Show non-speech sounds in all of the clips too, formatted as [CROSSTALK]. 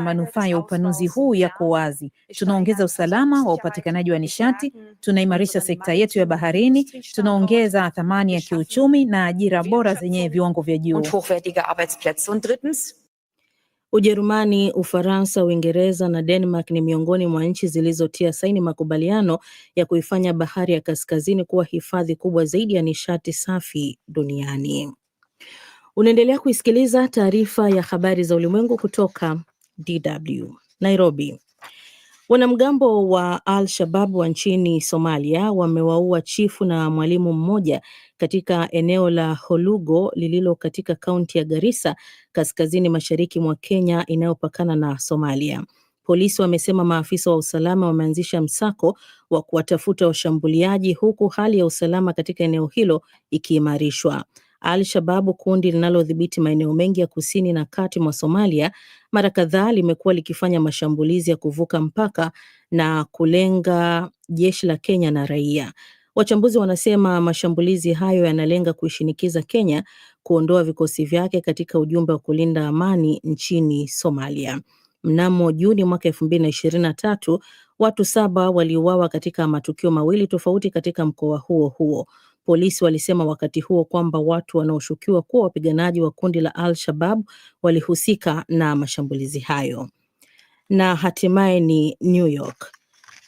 manufaa ya upanuzi huu yako wazi. Tunaongeza usalama wa upatikanaji wa nishati, tunaimarisha sekta yetu ya baharini, tunaongeza thamani ya kiuchumi na ajira bora zenye viwango vya juu. Ujerumani, Ufaransa, Uingereza na Denmark ni miongoni mwa nchi zilizotia saini makubaliano ya kuifanya bahari ya kaskazini kuwa hifadhi kubwa zaidi ya nishati safi duniani. Unaendelea kuisikiliza taarifa ya habari za ulimwengu kutoka DW Nairobi. Wanamgambo wa Al-Shabab wa nchini Somalia wamewaua chifu na mwalimu mmoja katika eneo la Holugo lililo katika kaunti ya Garissa kaskazini mashariki mwa Kenya inayopakana na Somalia. Polisi wamesema maafisa wa usalama wameanzisha msako wa kuwatafuta washambuliaji huku hali ya usalama katika eneo hilo ikiimarishwa. Al-Shababu, kundi linalodhibiti maeneo mengi ya kusini na kati mwa Somalia, mara kadhaa limekuwa likifanya mashambulizi ya kuvuka mpaka na kulenga jeshi la Kenya na raia. Wachambuzi wanasema mashambulizi hayo yanalenga kuishinikiza Kenya kuondoa vikosi vyake katika ujumbe wa kulinda amani nchini Somalia. Mnamo Juni mwaka elfu mbili na ishirini na tatu, watu saba waliuawa katika matukio mawili tofauti katika mkoa huo huo. Polisi walisema wakati huo kwamba watu wanaoshukiwa kuwa wapiganaji wa kundi la Al-Shabab walihusika na mashambulizi hayo. Na hatimaye ni New York.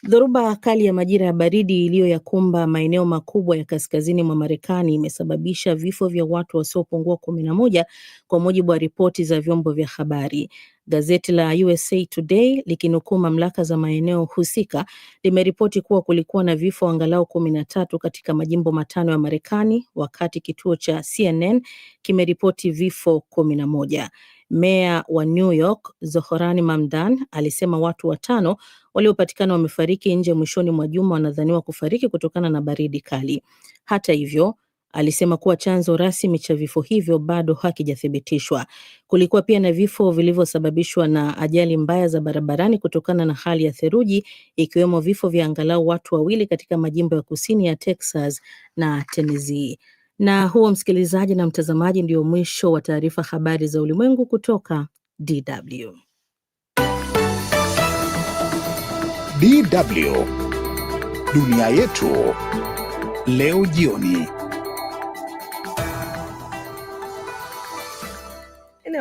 Dhoruba kali ya majira ya baridi iliyoyakumba maeneo makubwa ya kaskazini mwa Marekani imesababisha vifo vya watu wasiopungua kumi na moja kwa mujibu wa ripoti za vyombo vya habari. Gazeti la USA Today likinukuu mamlaka za maeneo husika limeripoti kuwa kulikuwa na vifo angalau kumi na tatu katika majimbo matano ya Marekani, wakati kituo cha CNN kimeripoti vifo kumi na moja. Meya wa New York Zohorani Mamdan alisema watu watano waliopatikana wamefariki nje mwishoni mwa juma wanadhaniwa kufariki kutokana na baridi kali. Hata hivyo alisema kuwa chanzo rasmi cha vifo hivyo bado hakijathibitishwa. Kulikuwa pia na vifo vilivyosababishwa na ajali mbaya za barabarani kutokana na hali ya theluji, ikiwemo vifo vya angalau watu wawili katika majimbo ya kusini ya Texas na Tennessee. Na huo msikilizaji na mtazamaji, ndio mwisho wa taarifa habari za ulimwengu kutoka DW. DW dunia yetu leo jioni.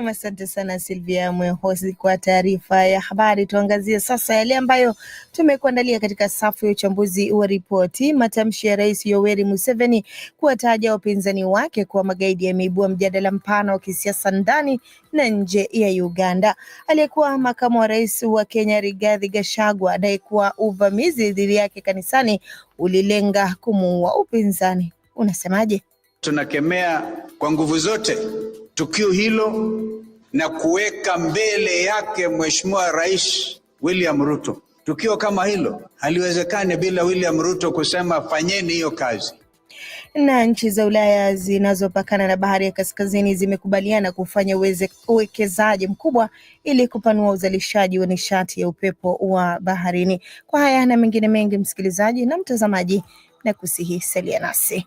Nam, asante sana Silvia Mwehosi kwa taarifa ya habari. Tuangazie sasa yale ambayo tumekuandalia katika safu ya uchambuzi wa ripoti. Matamshi ya Rais Yoweri Museveni kuwataja wapinzani wake kuwa magaidi yameibua mjadala mpana wa kisiasa ndani na nje ya Uganda. Aliyekuwa makamu wa rais wa Kenya Rigathi Gachagua adai kuwa uvamizi dhidi yake kanisani ulilenga kumuua. Upinzani unasemaje? Tunakemea kwa nguvu zote tukio hilo na kuweka mbele yake Mheshimiwa Rais William Ruto. Tukio kama hilo haliwezekani bila William Ruto kusema fanyeni hiyo kazi. Na nchi za Ulaya zinazopakana na bahari ya kaskazini zimekubaliana kufanya uwekezaji mkubwa ili kupanua uzalishaji wa nishati ya upepo wa baharini. Kwa haya na mengine mengi, msikilizaji na mtazamaji, na kusihi salia nasi.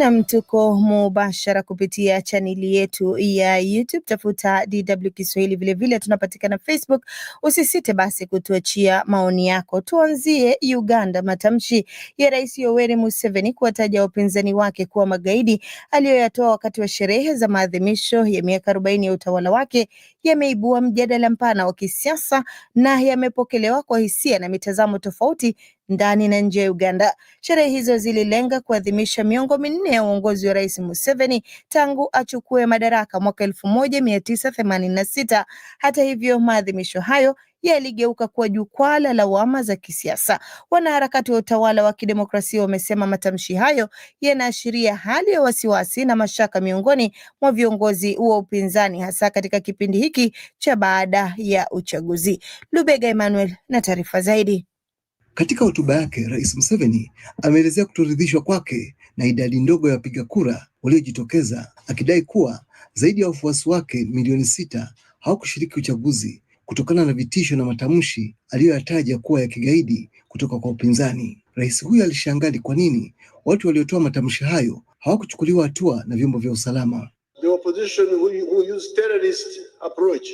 Nam, tuko mubashara kupitia chaneli yetu ya YouTube, tafuta DW Kiswahili. Vilevile tunapatikana Facebook. Usisite basi kutuachia maoni yako. Tuanzie Uganda. Matamshi ya Rais Yoweri Museveni kuwataja wapinzani wake kuwa magaidi aliyoyatoa wakati wa sherehe za maadhimisho ya miaka arobaini ya utawala wake yameibua mjadala mpana wa kisiasa na yamepokelewa kwa hisia na mitazamo tofauti ndani na nje ya Uganda. Sherehe hizo zililenga kuadhimisha miongo minne ya uongozi wa Rais Museveni tangu achukue madaraka mwaka elfu moja mia tisa themanini na sita. Hata hivyo, maadhimisho hayo yaligeuka kuwa jukwaa la lawama za kisiasa. Wanaharakati wa utawala wa kidemokrasia wamesema matamshi hayo yanaashiria hali ya wasiwasi na mashaka miongoni mwa viongozi wa upinzani, hasa katika kipindi hiki cha baada ya uchaguzi. Lubega Emmanuel na taarifa zaidi. Katika hotuba yake, Rais Museveni ameelezea kutoridhishwa kwake na idadi ndogo ya wapiga kura waliojitokeza, akidai kuwa zaidi ya wafuasi wake milioni sita hawakushiriki uchaguzi kutokana na vitisho na matamshi aliyoyataja kuwa ya kigaidi kutoka kwa upinzani. Rais huyo alishangali kwa nini watu waliotoa matamshi hayo hawakuchukuliwa hatua na vyombo vya usalama. The opposition who, who use terrorist approach.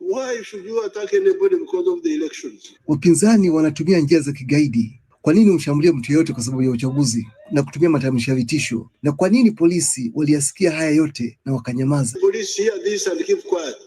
Why should you attack anybody because of the elections? Wapinzani wanatumia njia za kigaidi kwa nini umshambulia mtu yeyote kwa sababu ya uchaguzi na kutumia matamshi ya vitisho? Na kwa nini polisi waliyasikia haya yote na wakanyamaza?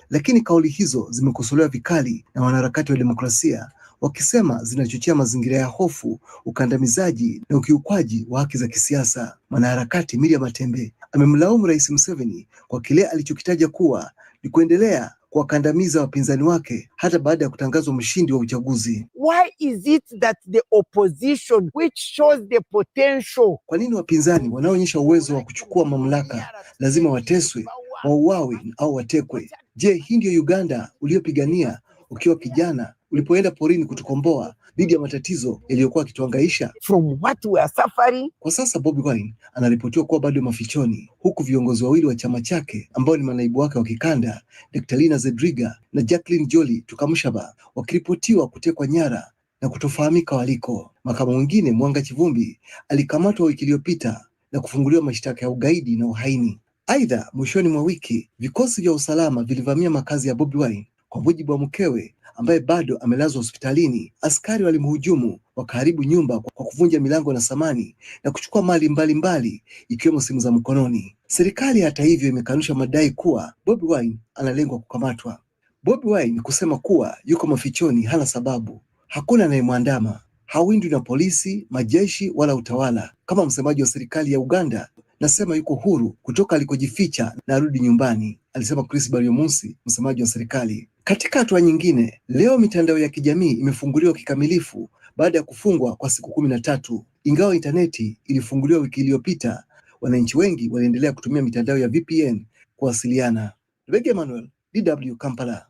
Lakini kauli hizo zimekosolewa vikali na wanaharakati wa demokrasia wakisema zinachochea mazingira ya hofu, ukandamizaji na ukiukwaji wa haki za kisiasa. Mwanaharakati Miria Matembe amemlaumu Rais Museveni kwa kile alichokitaja kuwa ni kuendelea kuwakandamiza wapinzani wake hata baada ya kutangazwa mshindi wa uchaguzi. Why is it that the opposition which shows the potential? Kwa nini wapinzani wanaoonyesha uwezo wa kuchukua mamlaka lazima wateswe, wauawe au watekwe? Je, hii ndiyo Uganda uliyopigania ukiwa kijana ulipoenda porini kutukomboa dhidi ya matatizo yaliyokuwa akituangaisha from what we are suffering. Kwa sasa Bobi Wine anaripotiwa kuwa bado mafichoni, huku viongozi wawili wa chama chake ambao ni manaibu wake wa kikanda Dr. Zedriga na Jacqueline Joli Tukamshaba wakiripotiwa kutekwa nyara na kutofahamika waliko. Makamu mwingine Mwanga Chivumbi alikamatwa wiki iliyopita na kufunguliwa mashtaka ya ugaidi na uhaini. Aidha, mwishoni mwa wiki vikosi vya usalama vilivamia makazi ya Bobi Wine, kwa mujibu wa mkewe ambaye bado amelazwa hospitalini. Askari walimhujumu, wakaharibu nyumba kwa kuvunja milango na samani na kuchukua mali mbalimbali ikiwemo simu za mkononi. Serikali hata hivyo imekanusha madai kuwa Bobi Wine analengwa kukamatwa. Bobi Wine kusema kuwa yuko mafichoni hana sababu, hakuna anayemwandama, hawindwi na polisi, majeshi wala utawala. Kama msemaji wa serikali ya Uganda, nasema yuko huru kutoka alikojificha na arudi nyumbani, alisema Chris Baryomunsi, msemaji wa serikali. Katika hatua nyingine, leo mitandao ya kijamii imefunguliwa kikamilifu baada ya kufungwa kwa siku kumi na tatu. Ingawa intaneti ilifunguliwa wiki iliyopita, wananchi wengi waliendelea kutumia mitandao ya VPN kuwasiliana. Bege Manuel, DW Kampala.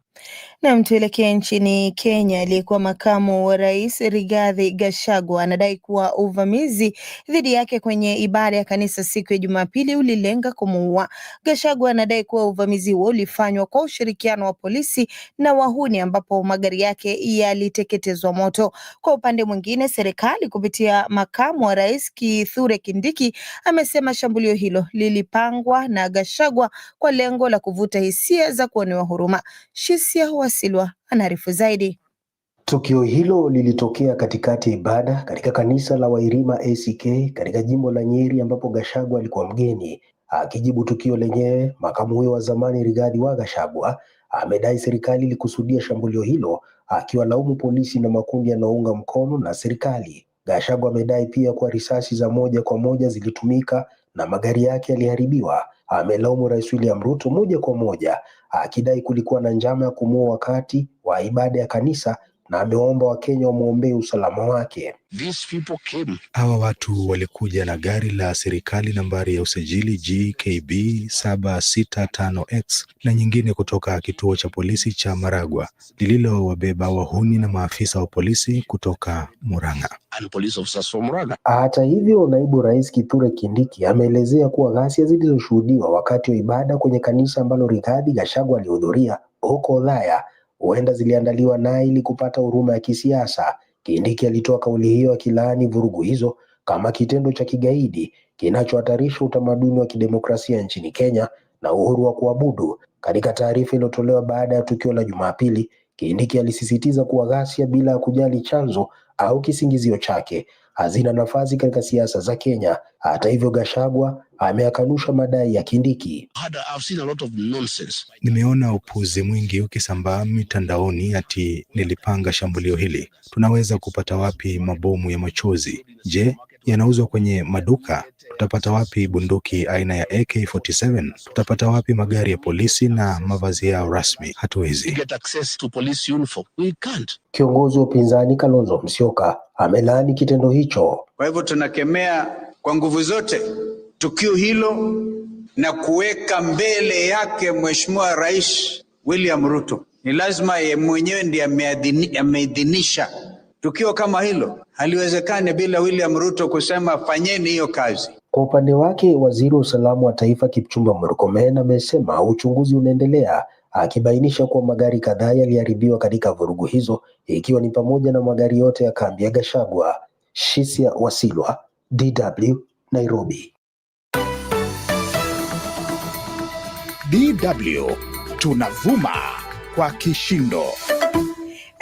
Nam, tuelekee nchini Kenya. Aliyekuwa makamu wa rais Rigathi Gachagua anadai kuwa uvamizi dhidi yake kwenye ibada ya kanisa siku ya Jumapili ulilenga kumuua. Gachagua anadai kuwa uvamizi huo ulifanywa kwa ushirikiano wa polisi na wahuni, ambapo magari yake yaliteketezwa moto. Kwa upande mwingine, serikali kupitia makamu wa rais Kithure Kindiki amesema shambulio hilo lilipangwa na Gachagua kwa lengo la kuvuta hisia za kuonewa huruma. Patricia Wasilwa anaarifu zaidi. Tukio hilo lilitokea katikati ya ibada katika kanisa la Wairima ACK katika jimbo la Nyeri ambapo gashagwa alikuwa mgeni. Akijibu tukio lenyewe, makamu huyo wa zamani Rigathi wa gashagwa amedai serikali ilikusudia shambulio hilo, akiwalaumu polisi na makundi yanaounga mkono na serikali. gashagwa amedai pia kuwa risasi za moja kwa moja zilitumika na magari yake yaliharibiwa. Amelaumu Rais William Ruto moja kwa moja akidai kulikuwa na njama ya kumuua wakati wa ibada ya kanisa na ameomba Wakenya wamwombee usalama wake. Hawa watu walikuja na gari la serikali nambari ya usajili GKB 765X na nyingine kutoka kituo cha polisi cha Maragwa lililowabeba wahuni na maafisa wa polisi kutoka Murang'a. Hata hivyo, naibu rais Kithure Kindiki ameelezea kuwa ghasia zilizoshuhudiwa wakati wa ibada kwenye kanisa ambalo Rigathi Gachagua alihudhuria huko Ulaya huenda ziliandaliwa naye ili kupata huruma ya kisiasa. Kindiki alitoa kauli hiyo akilaani vurugu hizo kama kitendo cha kigaidi kinachohatarisha utamaduni wa kidemokrasia nchini Kenya na uhuru wa kuabudu. Katika taarifa iliyotolewa baada ya tukio la Jumapili, Kindiki alisisitiza kuwa ghasia bila ya kujali chanzo au kisingizio chake hazina nafasi katika siasa za Kenya. Hata hivyo, Gashagwa ameakanusha madai ya Kindiki. Nimeona upuzi mwingi ukisambaa mitandaoni ati nilipanga shambulio hili. Tunaweza kupata wapi mabomu ya machozi? Je, yanauzwa kwenye maduka? Tutapata wapi bunduki aina ya AK47? Tutapata wapi magari ya polisi na mavazi yao rasmi? Hatuwezi. Kiongozi wa upinzani Kalonzo Musyoka amelaani kitendo hicho. Kwa hivyo tunakemea kwa nguvu zote tukio hilo na kuweka mbele yake Mheshimiwa Rais William Ruto. Ni lazima ye mwenyewe ndiye ameidhinisha tukio kama hilo. Haliwezekani bila William Ruto kusema fanyeni hiyo kazi. Kwa upande wake, waziri wa usalama wa taifa Kipchumba Murkomen amesema uchunguzi unaendelea akibainisha kuwa magari kadhaa yaliharibiwa katika vurugu hizo ikiwa ni pamoja na magari yote ya kambi ya Gachagua. Shisia Wasilwa, DW Nairobi. DW tunavuma kwa kishindo.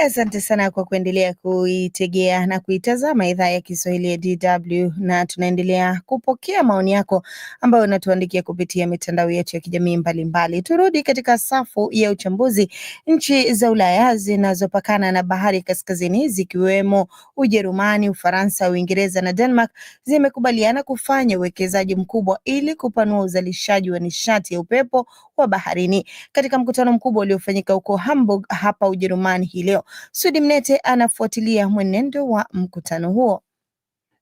Asante sana kwa kuendelea kuitegea na kuitazama idhaa ya Kiswahili ya DW, na tunaendelea kupokea maoni yako ambayo unatuandikia kupitia mitandao yetu ya kijamii mbalimbali. Turudi katika safu ya uchambuzi. Nchi za Ulaya zinazopakana na bahari kaskazini zikiwemo Ujerumani, Ufaransa, Uingereza na Denmark zimekubaliana kufanya uwekezaji mkubwa ili kupanua uzalishaji wa nishati ya upepo wa baharini katika mkutano mkubwa uliofanyika huko Hamburg hapa Ujerumani hii leo. Sudi Mnete anafuatilia mwenendo wa mkutano huo.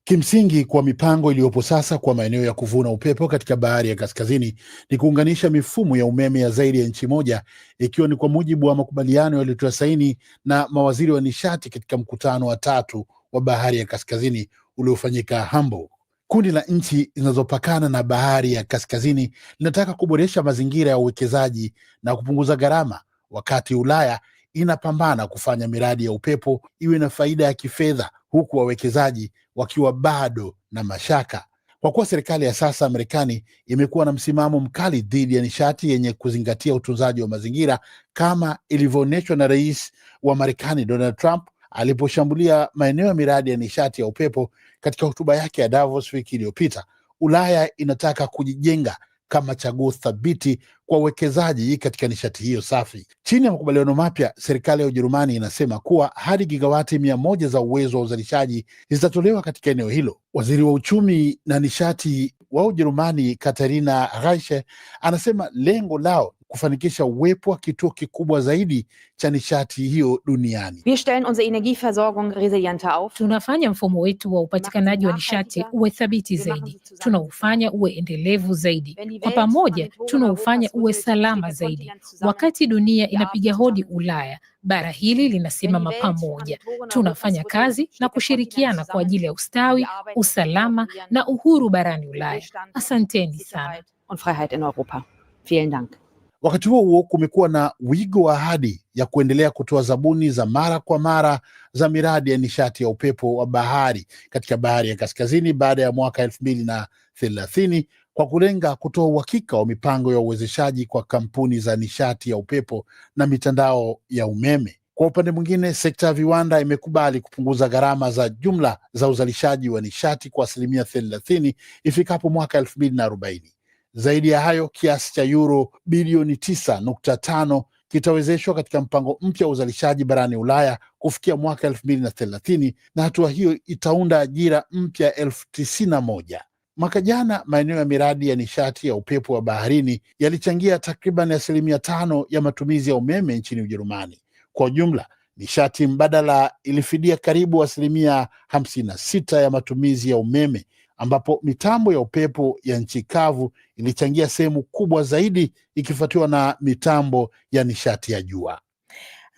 Kimsingi, kwa mipango iliyopo sasa kwa maeneo ya kuvuna upepo katika bahari ya kaskazini ni kuunganisha mifumo ya umeme ya zaidi ya nchi moja, ikiwa ni kwa mujibu wa makubaliano yaliyotiwa saini na mawaziri wa nishati katika mkutano wa tatu wa bahari ya kaskazini uliofanyika Hamburg. Kundi la nchi zinazopakana na bahari ya kaskazini linataka kuboresha mazingira ya uwekezaji na kupunguza gharama, wakati Ulaya inapambana kufanya miradi ya upepo iwe na faida ya kifedha, huku wawekezaji wakiwa bado na mashaka. Kwa kuwa serikali ya sasa Marekani imekuwa na msimamo mkali dhidi ya nishati yenye kuzingatia utunzaji wa mazingira kama ilivyoonyeshwa na rais wa Marekani Donald Trump aliposhambulia maeneo ya miradi ya nishati ya upepo katika hotuba yake ya Davos wiki iliyopita. Ulaya inataka kujijenga kama chaguo thabiti kwa uwekezaji katika nishati hiyo safi. Chini ya makubaliano mapya, serikali ya Ujerumani inasema kuwa hadi gigawati mia moja za uwezo wa uzalishaji zitatolewa katika eneo hilo. Waziri wa uchumi na nishati wa Ujerumani Katarina Reiche anasema lengo lao kufanikisha uwepo wa kituo kikubwa zaidi cha nishati hiyo duniani. Wir stellen unsere Energieversorgung resilienter auf. Tunafanya mfumo wetu wa upatikanaji wa nishati uwe thabiti zaidi, tunaufanya uwe endelevu zaidi, kwa pamoja tunaufanya uwe salama zaidi. Wakati dunia inapiga hodi Ulaya, bara hili linasimama pamoja, tunafanya kazi na kushirikiana kwa ajili ya ustawi, usalama na uhuru barani Ulaya. Asanteni sana. Und Freiheit in Europa. Vielen Dank. Wakati huo huo, kumekuwa na wigo wa ahadi ya kuendelea kutoa zabuni za mara kwa mara za miradi ya nishati ya upepo wa bahari katika bahari ya kaskazini baada ya mwaka elfu mbili na thelathini kwa kulenga kutoa uhakika wa mipango ya uwezeshaji kwa kampuni za nishati ya upepo na mitandao ya umeme. Kwa upande mwingine, sekta ya viwanda imekubali kupunguza gharama za jumla za uzalishaji wa nishati kwa asilimia thelathini ifikapo mwaka elfu mbili na arobaini. Zaidi ya hayo, kiasi cha yuro bilioni tisa nukta tano kitawezeshwa katika mpango mpya wa uzalishaji barani Ulaya kufikia mwaka elfu mbili na thelathini na hatua hiyo itaunda ajira mpya elfu tisini na moja. Mwaka jana maeneo ya miradi ya nishati ya upepo wa baharini yalichangia takriban asilimia tano ya matumizi ya umeme nchini Ujerumani. Kwa ujumla, nishati mbadala ilifidia karibu asilimia hamsini na sita ya matumizi ya umeme ambapo mitambo ya upepo ya nchi kavu ilichangia sehemu kubwa zaidi ikifuatiwa na mitambo ya nishati ya jua.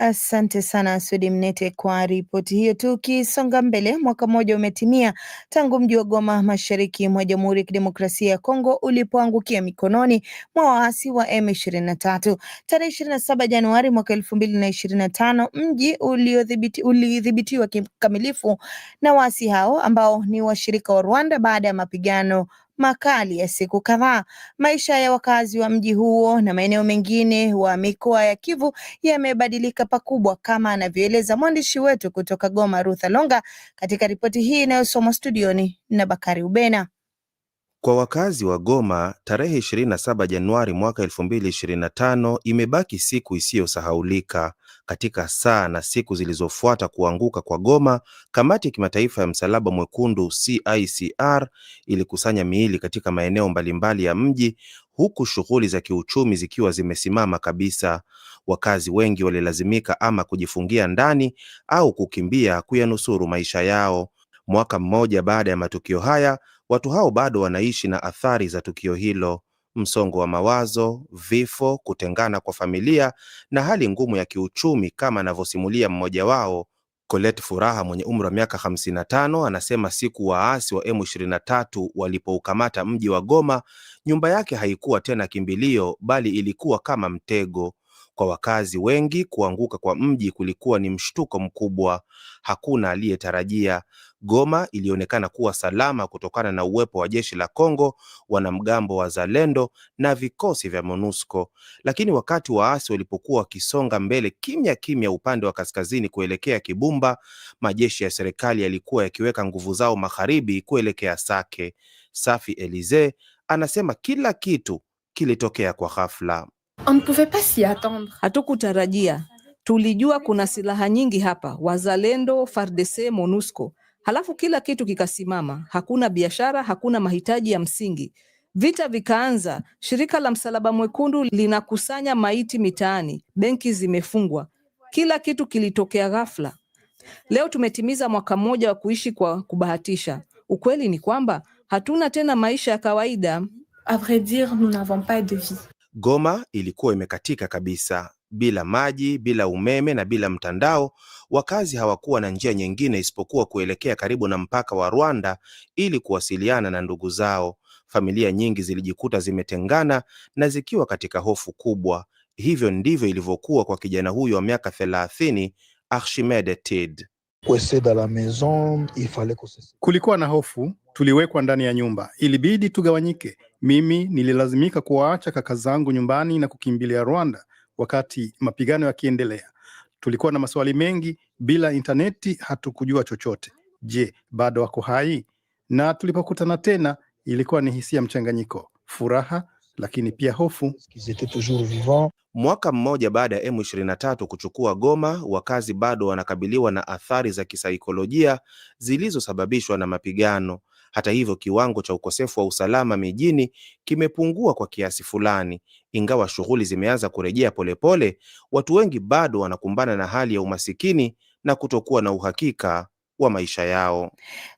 Asante sana Sudi Mnete kwa ripoti hiyo. Tukisonga mbele, mwaka mmoja umetimia tangu mji wa Goma mashariki mwa Jamhuri ya Kidemokrasia ya Kongo ulipoangukia mikononi mwa waasi wa M23. Tarehe ishirini na saba Januari mwaka elfu mbili na na tano mji ulidhibitiwa kikamilifu na waasi hao ambao ni washirika wa Rwanda baada ya mapigano makali ya siku kadhaa. Maisha ya wakazi wa mji huo na maeneo mengine wa mikoa ya Kivu yamebadilika pakubwa, kama anavyoeleza mwandishi wetu kutoka Goma, Rutha Longa, katika ripoti hii inayosomwa studioni na Bakari Ubena. Kwa wakazi wa Goma, tarehe 27 Januari mwaka 2025 imebaki siku isiyosahaulika katika saa na siku zilizofuata kuanguka kwa Goma, kamati ya kimataifa ya msalaba mwekundu CICR ilikusanya miili katika maeneo mbalimbali ya mji, huku shughuli za kiuchumi zikiwa zimesimama kabisa. Wakazi wengi walilazimika ama kujifungia ndani au kukimbia kuyanusuru maisha yao. Mwaka mmoja baada ya matukio haya, watu hao bado wanaishi na athari za tukio hilo msongo wa mawazo, vifo, kutengana kwa familia na hali ngumu ya kiuchumi, kama anavyosimulia mmoja wao Colette Furaha mwenye umri wa miaka 55 anasema siku waasi wa M23 walipoukamata mji wa Goma, nyumba yake haikuwa tena kimbilio, bali ilikuwa kama mtego. Kwa wakazi wengi, kuanguka kwa mji kulikuwa ni mshtuko mkubwa, hakuna aliyetarajia. Goma ilionekana kuwa salama kutokana na uwepo wa jeshi la Kongo, wanamgambo wa Zalendo na vikosi vya MONUSCO. Lakini wakati waasi walipokuwa wakisonga mbele kimya kimya upande wa kaskazini kuelekea Kibumba, majeshi ya serikali yalikuwa yakiweka nguvu zao magharibi kuelekea Sake. Safi Elize anasema kila kitu kilitokea kwa ghafla. Hatukutarajia, tulijua kuna silaha nyingi hapa, wazalendo, FARDC, MONUSCO halafu kila kitu kikasimama, hakuna biashara, hakuna mahitaji ya msingi. Vita vikaanza, shirika la Msalaba Mwekundu linakusanya maiti mitaani, benki zimefungwa, kila kitu kilitokea ghafla. Leo tumetimiza mwaka mmoja wa kuishi kwa kubahatisha. Ukweli ni kwamba hatuna tena maisha ya kawaida. A vrai dire, nous n'avons pas de vie. Goma ilikuwa imekatika kabisa. Bila maji, bila umeme na bila mtandao, wakazi hawakuwa na njia nyingine isipokuwa kuelekea karibu na mpaka wa Rwanda ili kuwasiliana na ndugu zao. Familia nyingi zilijikuta zimetengana na zikiwa katika hofu kubwa. Hivyo ndivyo ilivyokuwa kwa kijana huyo wa miaka thelathini, Archimede Tid. Kulikuwa na hofu, tuliwekwa ndani ya nyumba, ilibidi tugawanyike. Mimi nililazimika kuwaacha kaka zangu nyumbani na kukimbilia Rwanda wakati mapigano yakiendelea. Tulikuwa na maswali mengi, bila intaneti hatukujua chochote. Je, bado wako hai? Na tulipokutana tena, ilikuwa ni hisia mchanganyiko, furaha lakini pia hofu. Mwaka mmoja baada ya M23 kuchukua Goma, wakazi bado wanakabiliwa na athari za kisaikolojia zilizosababishwa na mapigano. Hata hivyo, kiwango cha ukosefu wa usalama mijini kimepungua kwa kiasi fulani, ingawa shughuli zimeanza kurejea polepole, watu wengi bado wanakumbana na hali ya umasikini na kutokuwa na uhakika wa maisha yao.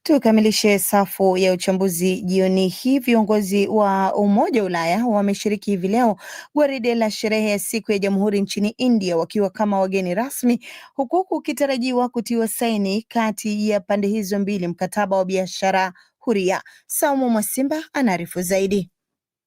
Tukamilishe safu ya uchambuzi jioni hii. Viongozi wa Umoja wa Ulaya wameshiriki hivi leo gwaride la sherehe ya siku ya Jamhuri nchini India wakiwa kama wageni rasmi, huku kukitarajiwa kutiwa saini kati ya pande hizo mbili mkataba wa biashara huria. Saumu Mwasimba anaarifu zaidi.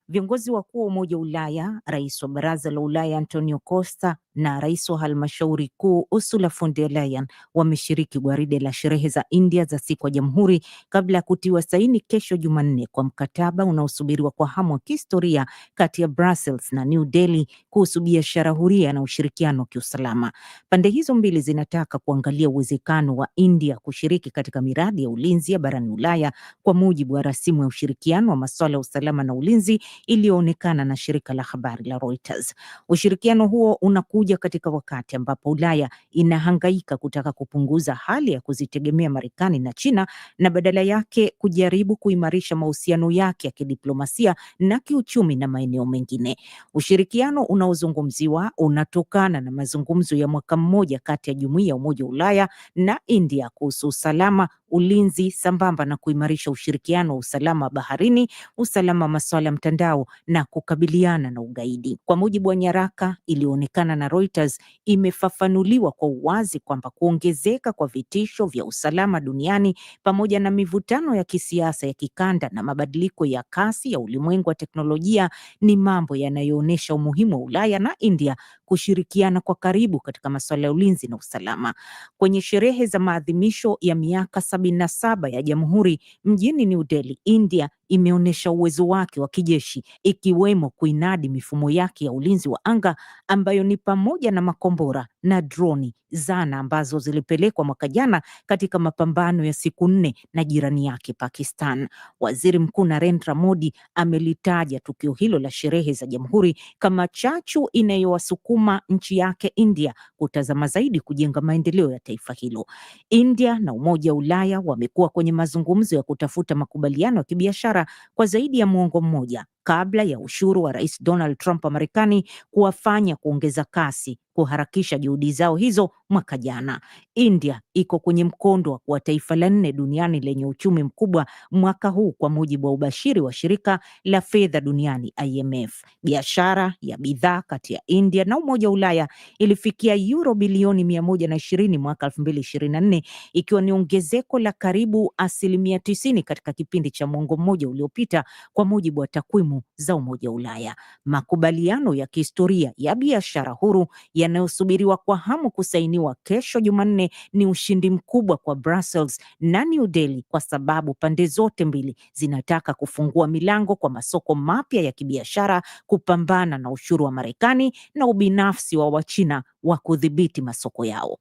Viongozi wakuu wa Umoja wa Ulaya, rais wa Baraza la Ulaya Antonio Costa na rais wa halmashauri kuu Ursula von der Leyen wameshiriki gwaride la sherehe za India za siku ya Jamhuri kabla ya kutiwa saini kesho Jumanne kwa mkataba unaosubiriwa kwa hamu wa kihistoria kati ya Brussels na New Delhi kuhusu biashara huria na ushirikiano wa kiusalama. Pande hizo mbili zinataka kuangalia uwezekano wa India kushiriki katika miradi ya ulinzi ya barani Ulaya kwa mujibu wa rasimu ya ushirikiano wa masuala ya usalama na ulinzi iliyoonekana na shirika la habari la Reuters. Ushirikiano huo unaku Inakuja katika wakati ambapo Ulaya inahangaika kutaka kupunguza hali ya kuzitegemea Marekani na China na badala yake kujaribu kuimarisha mahusiano yake ya kidiplomasia na kiuchumi na maeneo mengine. Ushirikiano unaozungumziwa unatokana na mazungumzo ya mwaka mmoja kati ya Jumuiya ya Umoja wa Ulaya na India kuhusu usalama, ulinzi sambamba na kuimarisha ushirikiano wa usalama baharini, usalama masuala ya mtandao na kukabiliana na ugaidi. Kwa mujibu wa nyaraka ilionekana na Reuters imefafanuliwa kwa uwazi kwamba kuongezeka kwa vitisho vya usalama duniani pamoja na mivutano ya kisiasa ya kikanda na mabadiliko ya kasi ya ulimwengu wa teknolojia ni mambo yanayoonyesha umuhimu wa Ulaya na India kushirikiana kwa karibu katika masuala ya ulinzi na usalama. Kwenye sherehe za maadhimisho ya miaka sabini na saba ya jamhuri mjini New Delhi, India imeonyesha uwezo wake wa kijeshi ikiwemo kuinadi mifumo yake ya ulinzi wa anga ambayo ni pamoja na makombora na droni, zana ambazo zilipelekwa mwaka jana katika mapambano ya siku nne na jirani yake Pakistan. Waziri Mkuu Narendra Modi amelitaja tukio hilo la sherehe za Jamhuri kama chachu inayowasukuma nchi yake India kutazama zaidi kujenga maendeleo ya taifa hilo. India na Umoja wa Ulaya wamekuwa kwenye mazungumzo ya kutafuta makubaliano ya kibiashara kwa zaidi ya muongo mmoja kabla ya ushuru wa Rais Donald Trump wa Marekani kuwafanya kuongeza kasi kuharakisha juhudi zao hizo mwaka jana. India iko kwenye mkondo wa kuwa taifa la nne duniani lenye uchumi mkubwa mwaka huu kwa mujibu wa ubashiri wa shirika la fedha duniani IMF. Biashara ya bidhaa kati ya India na Umoja wa Ulaya ilifikia euro bilioni mia moja na ishirini mwaka elfu mbili ishirini na nne ikiwa ni ongezeko la karibu asilimia tisini katika kipindi cha mwongo mmoja uliopita kwa mujibu wa takwimu za Umoja wa Ulaya. Makubaliano ya kihistoria ya biashara huru ya yanayosubiriwa kwa hamu kusainiwa kesho Jumanne ni ushindi mkubwa kwa Brussels na New Delhi kwa sababu pande zote mbili zinataka kufungua milango kwa masoko mapya ya kibiashara, kupambana na ushuru wa Marekani na ubinafsi wa Wachina wa kudhibiti masoko yao.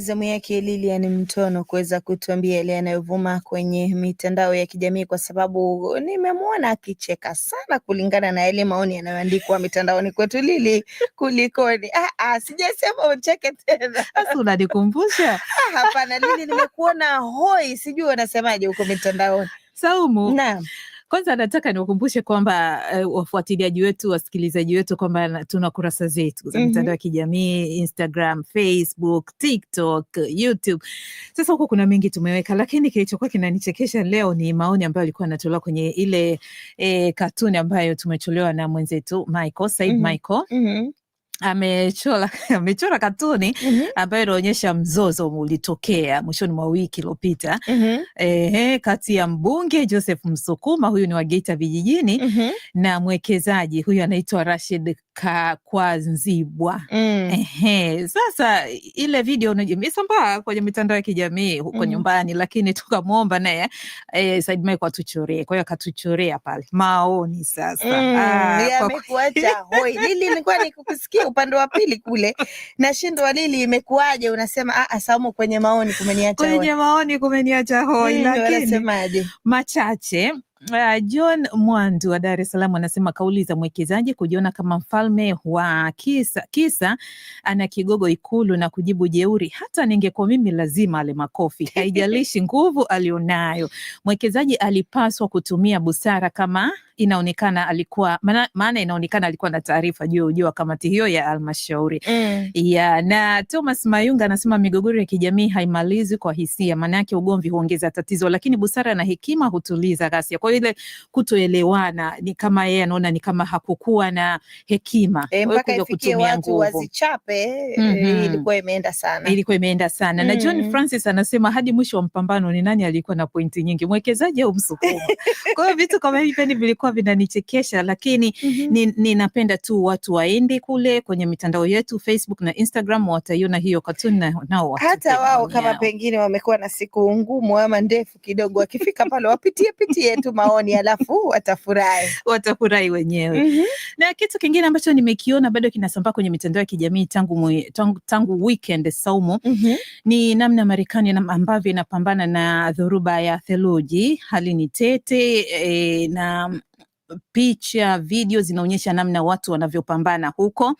zamu yake Lilian Mtono kuweza kutuambia yale yanayovuma kwenye mitandao ya kijamii, kwa sababu nimemwona akicheka sana kulingana na yale maoni yanayoandikwa mitandaoni kwetu. Lili, kulikoni? Ah, ah, sijasema ucheke tena, sasa unanikumbusha. Ah, hapana Lili, nimekuona hoi, sijui wanasemaje huko mitandaoni. Saumu, naam. Kwanza nataka niwakumbushe kwamba uh, wafuatiliaji wetu, wasikilizaji wetu kwamba tuna kurasa zetu za mhm. mitandao mm -hmm. ya kijamii Instagram, Facebook, TikTok, YouTube. Sasa huko kuna mengi tumeweka, lakini kilichokuwa kinanichekesha leo ni maoni ambayo alikuwa anatolewa kwenye ile eh, katuni ambayo tumetolewa na mwenzetu Michael Said mm -hmm. Michael mm -hmm amechora [LAUGHS] amechora katuni mm -hmm. ambayo inaonyesha mzozo ulitokea mwishoni mwa wiki iliyopita mm -hmm. kati ya mbunge Joseph Msukuma, huyu ni wa Geita vijijini mm -hmm. na mwekezaji huyu anaitwa Rashid Ka, kwa Nzibwa mm. Ehe, sasa ile video unajimesambaa kwenye mitandao ya kijamii huko mm. nyumbani, lakini tukamwomba naye e, Said Mike atuchorie, kwa hiyo akatuchorea pale maoni sasa mm. ah, [LAUGHS] hoi Lili, nilikuwa nikukusikia upande wa pili kule na shindo Lili, imekuaje? Unasema ah, asamu ah, kwenye maoni kumeniacha hoi, kwenye maoni kumeniacha hoi, lakini machache Uh, John Mwandu wa Dar es Salaam anasema kauli za mwekezaji kujiona kama mfalme wa kisa, kisa ana kigogo Ikulu na kujibu jeuri, hata ningekuwa mimi lazima ale makofi, [LAUGHS] haijalishi nguvu alionayo. Mwekezaji alipaswa kutumia busara kama inaonekana alikuwa maana, inaonekana alikuwa na taarifa juu ya ujio wa kamati hiyo ya halmashauri mm. Yeah, na Thomas Mayunga anasema migogoro ya kijamii haimalizi kwa hisia, maana yake ugomvi huongeza tatizo, lakini busara na hekima hutuliza ghasia. Kwa ile kutoelewana ni kama yeye anaona ni kama hakukuwa na hekima e, mpaka ifikie watu wazichape. mm -hmm. Ilikuwa imeenda sana, ilikuwa imeenda sana mm -hmm. Na John mm. Francis anasema hadi mwisho wa mpambano ni nani alikuwa na pointi nyingi, mwekezaji au msukumo? [LAUGHS] Kwa hiyo vitu kama hivi ni vilikuwa vinanichekesha, lakini mm -hmm. ninapenda ni tu watu waende kule kwenye mitandao yetu Facebook na Instagram, wataiona hiyo katuni na nao hata wao kama pengine wamekuwa na siku ngumu ama ndefu kidogo, wakifika pale wapitie pitie tu maoni alafu watafurahi [LAUGHS] watafurahi wenyewe mm -hmm. Na kitu kingine ambacho nimekiona bado kinasambaa kwenye mitandao ya kijamii tangu, mwe, tangu, tangu weekend Saumu mm -hmm. ni namna Marekani ambavyo inapambana na dhoruba ya theluji. Hali ni tete e, na picha, video zinaonyesha namna watu wanavyopambana huko,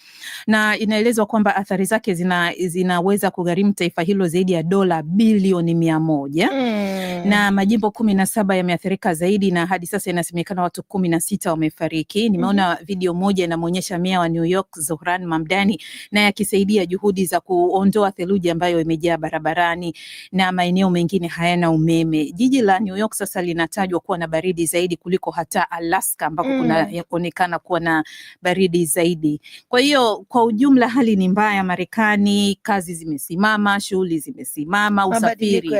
na inaelezwa kwamba athari zake zina, zinaweza kugharimu taifa hilo zaidi ya dola bilioni mia moja mm. na majimbo kumi na saba yameathirika zaidi, na hadi sasa inasemekana watu kumi na sita wamefariki. Nimeona mm video moja inamwonyesha meya wa New York Zohran Mamdani naye akisaidia juhudi za kuondoa theluji ambayo imejaa barabarani na maeneo mengine hayana umeme. Jiji la New York sasa linatajwa kuwa na baridi zaidi kuliko hata Alaska Alaska ambako mm. kuna kuwa na baridi zaidi. Kwa hiyo kwa ujumla hali ni mbaya Marekani, kazi zimesimama, shughuli zimesimama, usafiri,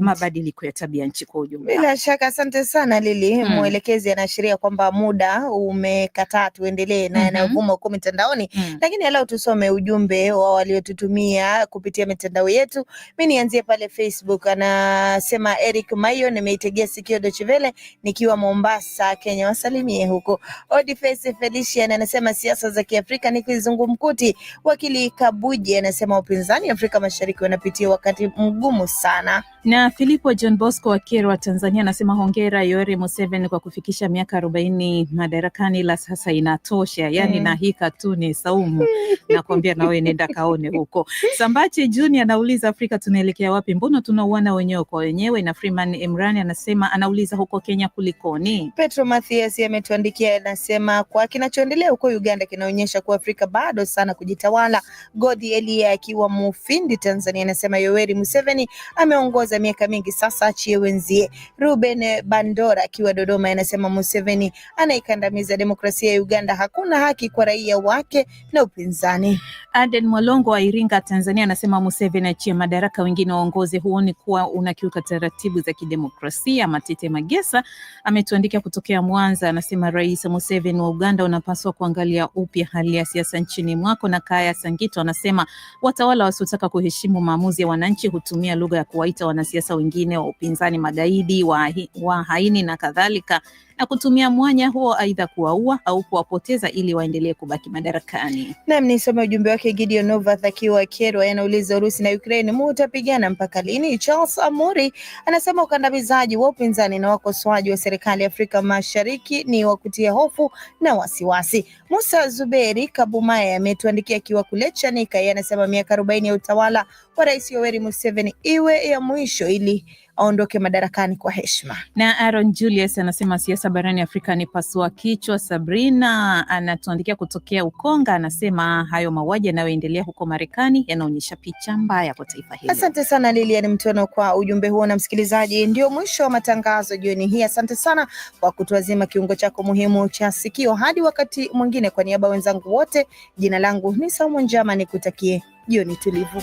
mabadiliko ya tabia nchi kwa ujumla. Bila shaka, asante sana Lili. mm. Mwelekezi anaashiria kwamba muda umekataa tuendelee na mhm. yanayovuma mm -hmm. huko mitandaoni mm. lakini leo tusome ujumbe wa waliotutumia kupitia mitandao yetu. Mi nianzie pale Facebook, anasema Eric Mayo, nimeitegea sikio Dochivele nikiwa Mombasa, Kenya. Wasali tusalimie huko. Odifesi Felician anasema siasa za Kiafrika ni kizungumkuti. Wakili kabuji anasema upinzani Afrika Mashariki wanapitia wakati mgumu sana. Na Filipo John Bosco wa Kyerwa, Tanzania, anasema hongera Yoweri Museveni kwa kufikisha miaka arobaini madarakani, la sasa inatosha yani, eh. mm. [LAUGHS] na hii katuni saumu nakwambia, nawe nenda kaone huko. Sambache Junior anauliza Afrika tunaelekea wapi? Mbona tunauana wenyewe kwa wenyewe? Na Freeman Imran anasema anauliza huko Kenya kulikoni? Petro Mathias ametuandikia anasema kwa kinachoendelea huko Uganda kinaonyesha kuwa Afrika bado sana kujitawala. Godi Elia akiwa Mufindi, Tanzania, anasema Yoweri Museveni ameongoza za miaka mingi sasa, achie wenzie. Ruben Bandora akiwa Dodoma anasema Museveni anaikandamiza demokrasia ya Uganda, hakuna haki kwa raia wake na upinzani. Aden Mwalongo wa Iringa, Tanzania anasema Museveni achie madaraka, wengine waongoze, huoni kuwa unakiuka taratibu za kidemokrasia? Matete Magesa ametuandikia kutokea Mwanza, anasema Rais Museveni wa Uganda unapaswa kuangalia upya hali ya siasa nchini mwako. Na Kaya Sangito anasema watawala wasiotaka kuheshimu maamuzi ya wananchi hutumia lugha ya kuwaita wana wanasiasa wengine wa upinzani magaidi, wa, wa haini na kadhalika, na kutumia mwanya huo aidha kuwaua au kuwapoteza ili waendelee kubaki madarakani. Nam nisome ujumbe wake Gideon Novath akiwa Kerwa, anauliza Urusi na Ukraine mu utapigana mpaka lini? Charles Amuri anasema ukandamizaji wa upinzani na wakosoaji wa serikali ya Afrika Mashariki ni wa kutia hofu na wasiwasi. Musa Zuberi Kabumaya ametuandikia akiwa kule Chanika, yeye anasema miaka arobaini ya utawala wa Rais Yoweri Museveni iwe ya mwisho mwisho ili aondoke madarakani kwa heshima. Na Aaron Julius anasema siasa barani Afrika ni pasua kichwa. Sabrina anatuandikia kutokea Ukonga, anasema hayo mauaji yanayoendelea huko Marekani yanaonyesha picha mbaya kwa taifa hili. Asante sana Lilian Mtono kwa ujumbe huo, na msikilizaji, ndio mwisho wa matangazo jioni hii. Asante sana kwa kutuazima kiungo chako muhimu cha sikio. Hadi wakati mwingine, kwa niaba wenzangu wote, jina langu ni Saumu Njama, nikutakie jioni tulivu.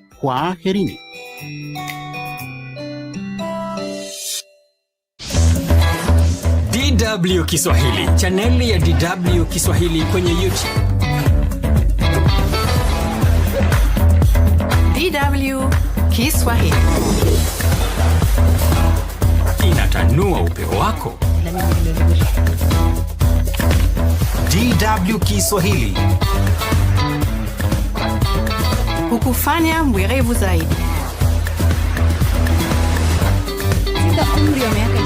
herini. DW Kiswahili, chaneli ya DW Kiswahili kwenye YouTube. DW Kiswahili inatanua upeo wako. DW Kiswahili hukufanya mwerevu zaidi. Umri wa miaka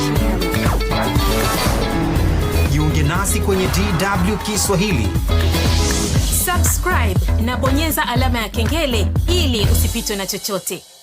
Jiunge nasi kwenye DW Kiswahili. Subscribe na bonyeza alama ya kengele ili usipitwe na chochote.